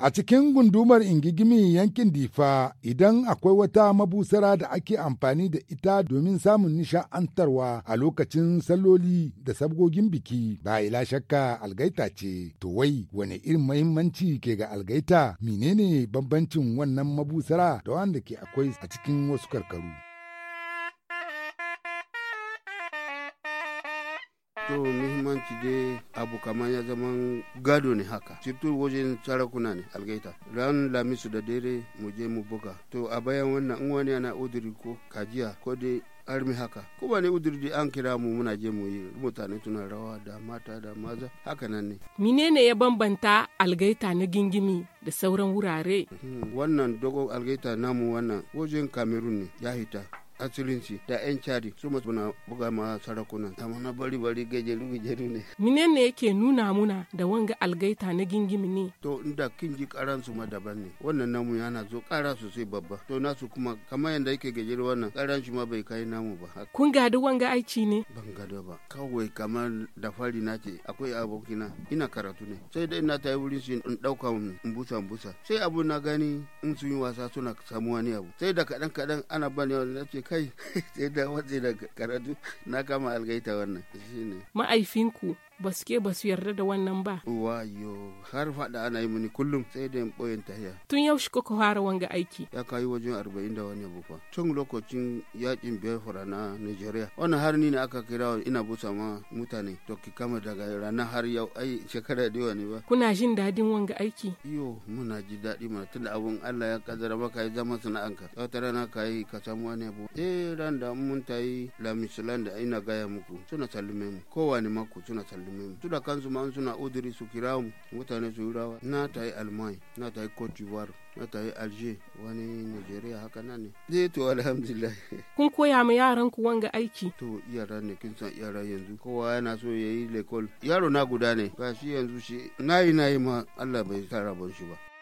A cikin gundumar ingigimi yankin Difa idan akwai wata mabusara da ake amfani da ita domin samun nisha'antarwa a lokacin salloli da sabgogin biki ba ila shakka algaita ce. To wai wane irin mahimmanci ke ga algaita menene bambancin wannan mabusara da wanda ke akwai a cikin wasu karkaru. to muhimmanci dai abu kamar ya zama gado ne haka surtout wajen sarakuna ne algaita ran lamisu da dare mu je mu buga to a bayan wannan in wani yana udiri ko kajiya ko dai armi haka ko ba ne da an kira mu muna je mu yi mutane tuna rawa da mata da maza haka nan ne menene ya bambanta algaita na gingimi da sauran wurare hmm, wannan dogon algaita namu wannan wajen kamerun ne ya hita asirinci da yan cari su masu na buga ma sarakuna ta mana bari bari gajeru gajeru ne minen ne yake nuna muna da wanga algaita na gingimi ne to inda kin ji karan su ma daban ne wannan namu yana zo kara sosai babba to nasu kuma kamar yadda yake gajeru wannan karan shi ma bai kai namu ba kun gadi wanga aici ne ban gado ba kawai kamar da fari na ce akwai abokina ina karatu ne sai da ina yi wurin su in dauka in busa in busa sai abu na gani in sun yi wasa suna samuwa ne abu sai da kaɗan kaɗan ana bani wani ce kai sai da watsi da karatu na kama algaita wannan shine ma'aifinku baske ba su yarda da wannan ba. Wayo har faɗa ana yi mini kullum sai da ɓoyin tahiya. Tun yaushe kuka fara wanga aiki. Ya kayi wajen arba'in da wani abu fa. Tun lokacin yakin Biafra na Nigeria. Wannan har ni ne aka kira ina busa ma mutane to ki kama daga ranar har yau ai shekara da yawa ne ba. Kuna jin dadin wanga aiki? Yo muna ji daɗi mana tunda abun Allah ya kaddara maka ya zama sana'anka. Wata rana ka yi ka samu wani abu. Eh ran da mun ta yi misalan da ina gaya muku suna sallume mu kowane mako suna sallume. musulmi su kansu ma suna udiri su kira mu mutane su rawa na ta yi almai na ta yi cote na ta yi alger wani nigeria haka nan ne zai to alhamdulillah kun koya ma yaran ku wanga aiki to yara ne kin san yara yanzu kowa yana so ya yi lekol yaro na guda ne ga shi yanzu shi na yi na yi ma allah bai sa rabon shi ba